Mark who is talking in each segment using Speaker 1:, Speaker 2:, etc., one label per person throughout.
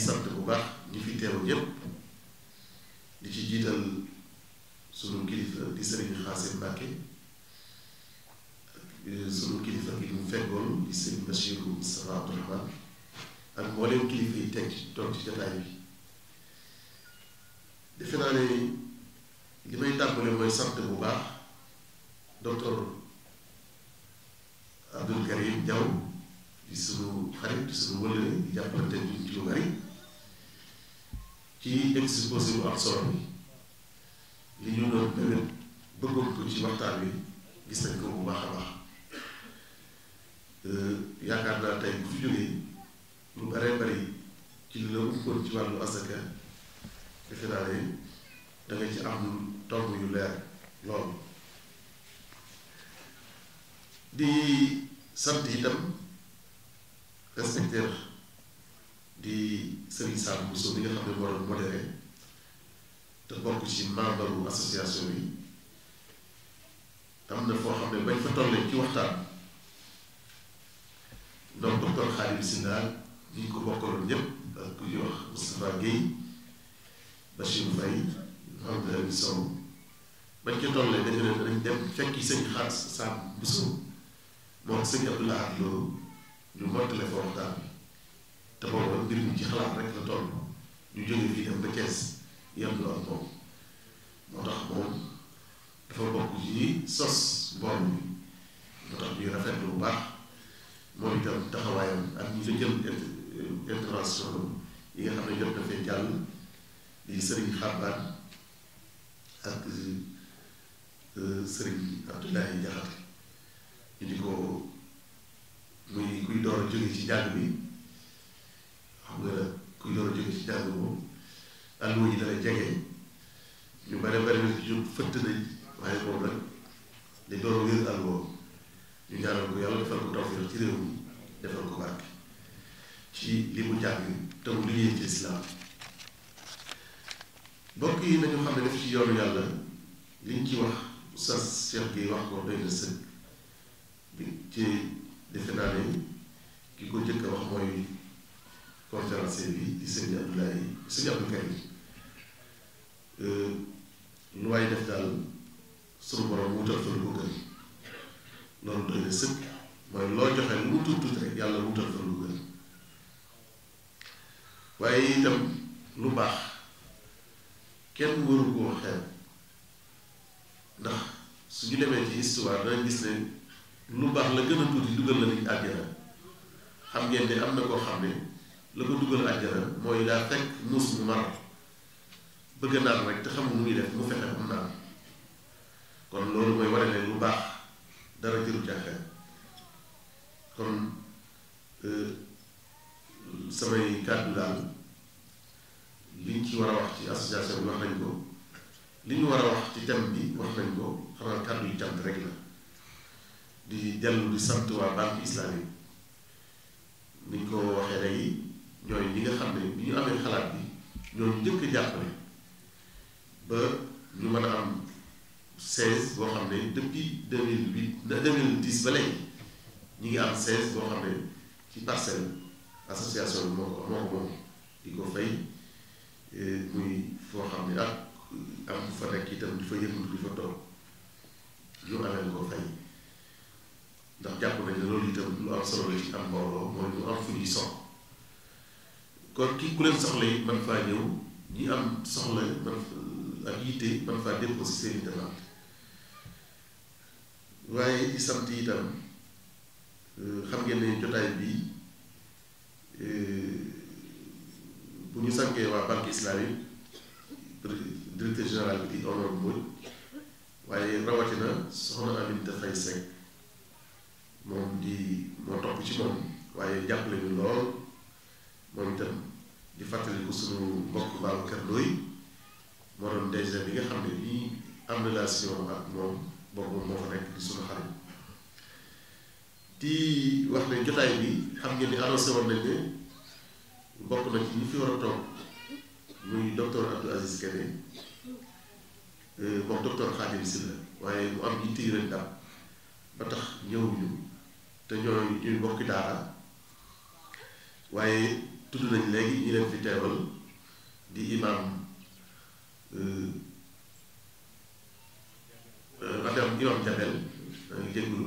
Speaker 1: sant bu baax ñi fi teew ñëpp di ci jiital sunu kilifa di sëriñ Xaasim Mbàkke euh, sunu kilifa gi mu feggoon di sëriñ Bachir Moustapha Abdourahman ak mboolem kilifa yi teg ci toog ci defe naa ne li may tàmbale mooy sant bu baax docteur Abdoul Karim Diaw di sunu xarit sunu wëlële di jàppalante ci lu bari ci exposé bu am bi li ñu doon bëgg bëggoon ko ci waxtaan wi gis nañ ko bu baax a baax euh, yaakaar naa tey bu fi jógee lu baree bari ci li la ubboon ci wàllu asaka defe naa ne da nga ci am tomb yu leer loolu di sant itam respecteur di Serigne Sall Bousso bi xam ne moo doon modéré te bokk ci membre association yi am na foo xam ne bañ fa tollee ci waxtaan donc docteur Khadim Sindal ñi ko bokkaloon ñëpp ak ku wax Moustapha Guèye Bachir Faye Mouhamed Aliou Sow bañ ca tollee dañu ne dañ dem fekki sëñ Xaas Sall Bousso ñu mottale fa waxtaan xalaat rek la toll ñu jóge fii dem ba Thiès yem ak moom moo tax moom dafa bokk ci sos borom bi moo tax ñuy rafetlu bu baax moom itam taxawaayam ak ñi fa jël euh, intervention yi nga xam ne jot na fee jàll di sëriñ Xabaan ak euh, sëriñ Abdoulaye Jaxate ñu di ko muy kuy door a jóge ci jàng bi nga ku door a jóge ci jàng moom alluwa ji dana jege ñu bare bare bi ci fëtt nañ waaye moom nag di door a wér alluwa ñu ñaanal ko yàlla defal ko tawfeex ci réew mi defal ko barke ci li mu jàng te mu liggéey ci yi nañu xam ne def ci yoonu yàlla liñ ci wax sas Cheikh gi wax ko doy na sëg ci defe naa ne ko jëkk a wax mooy conférencier bi di sëñ Abdoulaye sëñ Abdou Karim euh, lu waay def daal suñu borom wutal fa mooy loo joxe lu mu tuut tuut yàlla wutal fa lu gën waaye lu baax kenn waru koo xeeb ndax ci histoire dana lu baax la gën a tuuti dugal la nit àjjana xam ngeen ne am na koo xam ne la ko dugal àjjana mooy daa fekk muus mu mar bëgg naan rek te xamul nu muy def mu fexe am naan kon loolu mooy wane ne lu baax dara jëru jàkka kon euh, samay kàddu daal liñ ci war a wax ci association bi wax nañ ko li ñu war a wax ci thème bi wax nañ ko xanaa kàddu yu cant rek la di dellu di sant waa banque islamique ne depuis deux mille huit deux mille dix ba léegi ngi am seize boo xam ne ci parcelle association bi moo ko moom di ko fay muy foo xam ne ak ah, am fa nekk itam di fa yëngu di fa toog ñu amee ko fay ndax jàpp nañ ne loolu itam lu am solo la ci am mbooloo mooy lu am fu ñuy sox kon ki ku soxla yi man faa ñëw ñi am soxla man ak yitte man faa déposé seen i waaye di sant itam euh, xam ngeen ne jotaay bii euh, bu ñu sànkee waa banque islamique directeur général bi di honor mooy waaye rawatina soxna Aminata Faye Seck moom di moo topp ci moom waaye jàppale ñu lool moom itam di fàttali ko suñu mbokk Babacar Ndoye moo doon DG bi nga xam ne ni am relation ak moom boobu moo fa nekk di xarit di wax ne jotaay bi xam ngeen ni annoncé woon nañ ne bokk na ci fi war a toog muy docteur Abdou Aziz Kébé euh, moom docteur Khadim Sylla waaye mu am yitte yu ren ba tax ñëwuñu te ñooy ñuy bokki daara waaye tudd nañ léegi ñi leen fi teewal di imam imaam Jabel maa ngi jégalu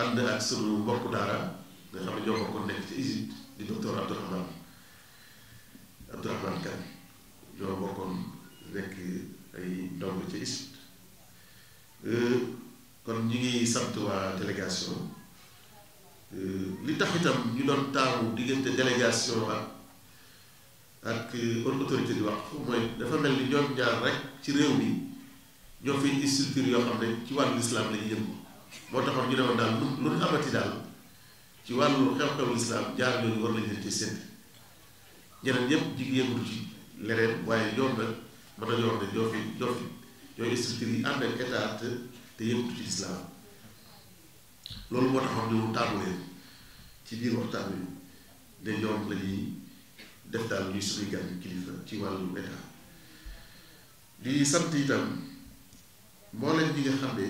Speaker 1: ànd ak sunu mbokku daara nga xam ne ñoo bokkoon nekk ci Égypte di docteur Abdourahman Abdourahman Kane ñoo bokkoon nekk ay ndong ci Égypte euh, kon ñu ngi sant waa délégation euh, li tax itam ñu doon taamu diggante délégation ak ak euh, autorité di wax mooy dafa mel ni ñaar rek ci réew mi. jox fi ñu structure yoo xam ne ci wàllu lislaam lañu yëngu moo taxoon ñu demoon daal lu lu daal ci wàllu xew-xewu lislaam jaar yooyu war lañu ci seen ñeneen ñëpp jig yëngatu ci leneen waaye yoon nag mën na yoon ne jox fi jox fi yooyu structure yi ànd ak état te te yëngatu ci lislaam loolu moo taxoon ñu taamu ci biir waxtaan wi ne ñoom lañuy def daal ñuy suñuy gan kilifa ci wàllu état di sant itam mbooleem bi nga xam ne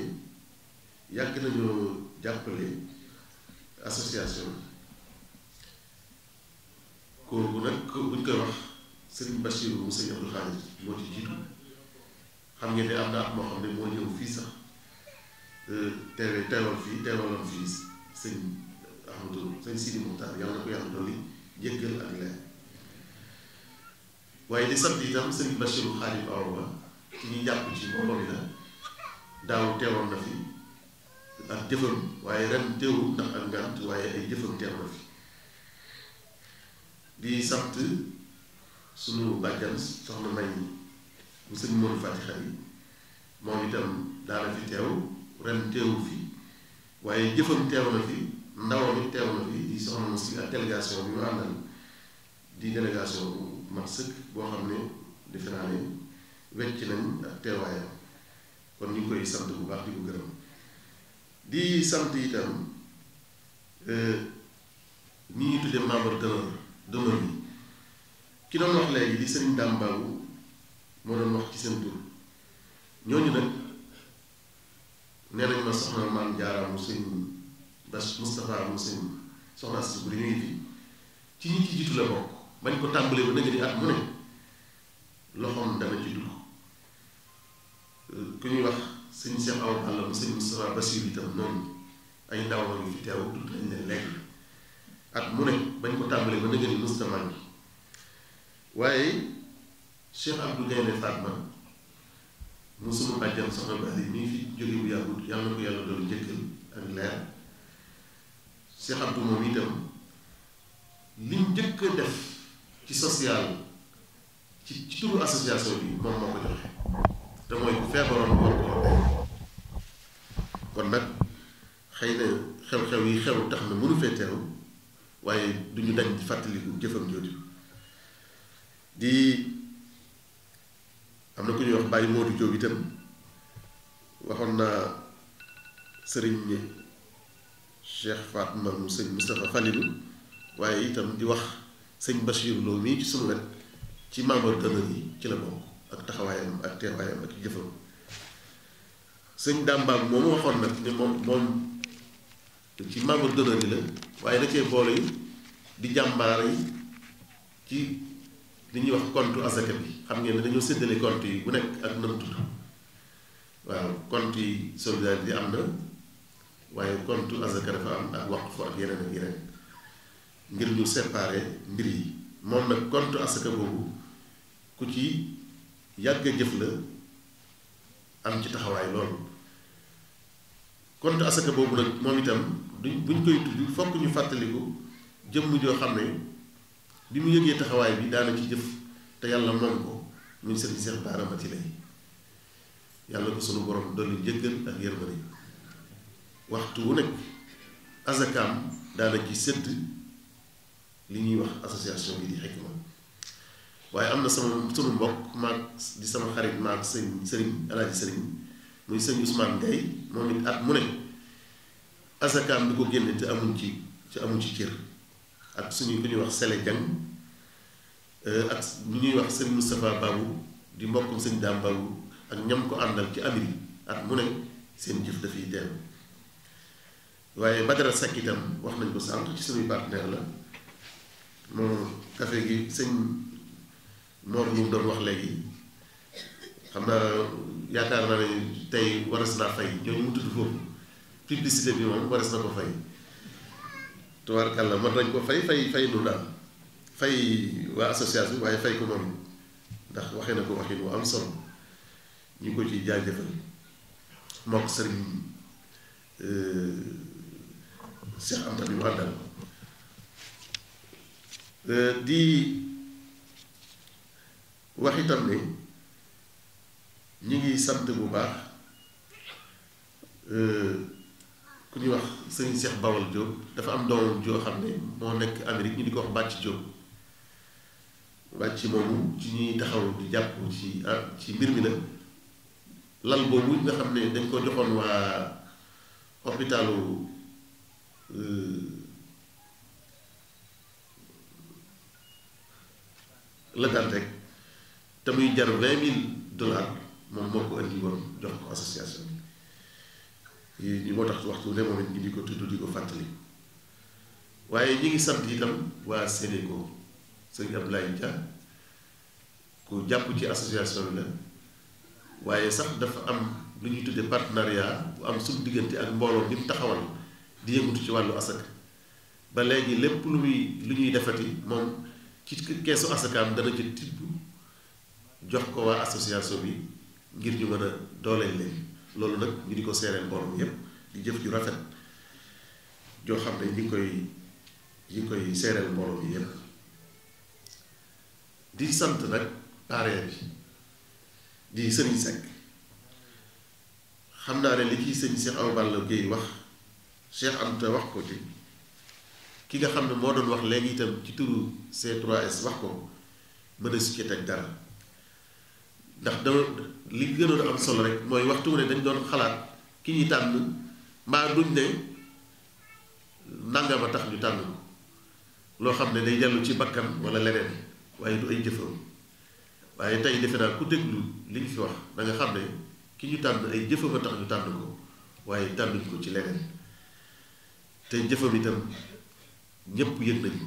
Speaker 1: yàgg nañoo jàppale association kooku nag buñ koy wax sëriñ Bachir mu sëriñ Abdou Khadir moo ci jiitu xam ngeen ne am na at moo xam ne moo ñëw fii sax euh, teewe teewal fii fii sëñ Ahmadou sëñ Sidi Mokhtar yàlla na waaye di Ba ci ñu jàpp ci boppam la daaw teewoon na fi ak jëfam waaye ren teewul ndax ak ngànt waaye ay jëfam teew na fi di sant sunu bàjjan soxna may mu sëñ Mourou Fatiha yi moom itam daana fi teew ren teewu fi waaye jëfam teew na fi ndawam it teew na fi di soxna ma si ak délégation bi àndal di délégation bu mat sëkk boo xam ne defe naa ne wecc nañ ak teewaayam kon ñu ngi koy sant bu baax di ko gërëm di sant itam euh, ñi ñuy tuddee membre d'honneur d'honneur bi ki doon wax léegi di sëriñ dàmbaawu moo doon wax ci seen tur ñooñu nag nee nañ ma soxna maam Jaara mu sëñ Bass Moustapha mu sëñ soxna Astou Boury ñu ngi fi ci ñi ci jiitu la bokk bañ ko tàmbalee ba nga ni at mu ne loxoom dana ci dugg ku ñuy wax sëñ Cheikh Awa Balla mu noonu ay ndaw ma ngi fi teew tudd nañ ne lekk at mu ne bañ ko tàmbalee ba nëgëni Moustapha bi waaye Cheikh Abdou Gaynde Fatma mu sunu bàjjan soxna bi ali mii fi jóge bu yàggut yàlla na ko yàlla doon njëkkal ak leer Cheikh Abdou moom itam liñ njëkk a def ci social ci ci turu association bi moom moo ko joxe te bu feebaroon kon nag xëy na xew-xew yi xew tax na mënu fee teew waaye duñu dañ di fàttaliku jëfam jooju di am na ku ñuy wax Baye Modou Diop itam waxoon naa sëriñ Cheikh Fatma mu sëñ Moustapha Falilou waaye itam di wax sëñ Bachir Lo mii ci sunu wet ci membre d'honneur yi ci la bokk ak taxawaayam ak teewaayam ak jëfam sëñ dàmbaam moom waxoon nag ne moom moom ci membre d'honneur yi la waaye da cee boole yi di jàmbaar yi ci li ñuy wax compte asaka bi xam ngeen ne dañoo séddale compte yi bu nekk ak nam waaw compte yi solidarité am na waaye compte asaka dafa am ak waqf ak yeneen ak yeneen ngir ñu séparer mbir yi moom nag compte asaka boobu ku ci yàgg jëf la am ci taxawaay loolu compte asaka boobu nag moom itam duñ buñ koy tudd fokk ñu fàttaliku jëmm joo xam ne bi mu yëgee taxawaay bi daana ci jëf te yàlla moom ko muy sëriñ Seex Baara Mati yàlla ko sunu borom dolli njëggal ak yërmande waxtu wu nekk azakaam daana ci sëdd li ñuy wax association bi di Hikma waaye am na sama sunu mbokk maag di sama xarit maag sëñ sëriñ alaaji sëriñ muy sëñ Ousmane Gaye moom it at mu ne asakaam du ko génne te amuñ ci ci amuñ ci cër ak suñu ku ñuy wax Sele Jang euh, ak ñu ñuy wax sëñ Moustapha Babou di mbokkum sëñ Daam Babou ak ñam ko àndal ci Amérique at mu ne seen jëf dafay teew waaye Badara Seck wax nañ ko sànq ci suñuy partenaire la moom café gi sëñ noonu ñu doon wax léegi xam naa yaakaar naa ne tey waras naa fay ñooñu mu tudd foofu publicité bi moom waras na ko fay tubaarkàlla mën nañ ko fay fay fay nu daal fay waa association bi waaye fay ko moom ndax waxee na ko waxin wu am solo ñu ko ci jaajëfal moo ko sëriñ euh, Cheikh Anta bi mu àndal euh, di wax itam ne ñi ngi sant bu baax euh, ku ñuy wax sëñ Cheikh Bawal Diop dafa am doomam joo xam ne moo nekk Amérique ñu di ko wax Bàcc Diop Bàcc moomu ci ñuy taxaw di jàpp ci ah, ci mbir mi nag lal boobu nga xam ne dañ ko joxoon waa hôpitalu euh, la daan te muy jar vingt mille dollars moom moo ko indi woon jox ko association yi moo tax waxtu ne moom it ñu di ko tudd di ko fàttali waaye ñi ngi sant itam waa Sénégal sëñ Abdoulaye Dia ku jàpp ci association bi la waaye sax dafa am lu ñuy tuddee partenariat bu am suñu diggante ak mbooloo bi mu taxawal di yëngatu ci wàllu asaka ba léegi lépp lu muy lu ñuy defati moom ci keesu asakaam dana ci tibb jox ko waa association bi ngir ñu mën a dooleel leen loolu nag ñu di ko seereel mbooloo yépp di jëf ju rafet joo xam ne ñu ngi koy ñu ngi koy seereel mbooloo yépp di sant nag parrain bi di sëriñ Seck xam naa ne li ciy sëñ Cheikh Awa Balla Gueye wax Cheikh Anta wax ko ci ki nga xam ne moo doon wax léegi itam ci turu C3S wax ko mën a su ci teg dara ndax da li gënoon am solo rek mooy waxtu wu ne dañ doon xalaat ki ñuy tànn mbaa duñ ne nangama tax ñu tànn ko loo xam ne day dellu ci bakkan wala leneen waaye du ay jëfam waaye tey defe naa ku déglu li ñu fi wax da xam ne ki ñu tànn ay jëfam a tax ñu tànn ko waaye tànnuñ ko ci leneen te jëfam itam ñépp yëg nañu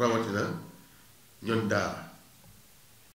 Speaker 1: rawatina ñoon daara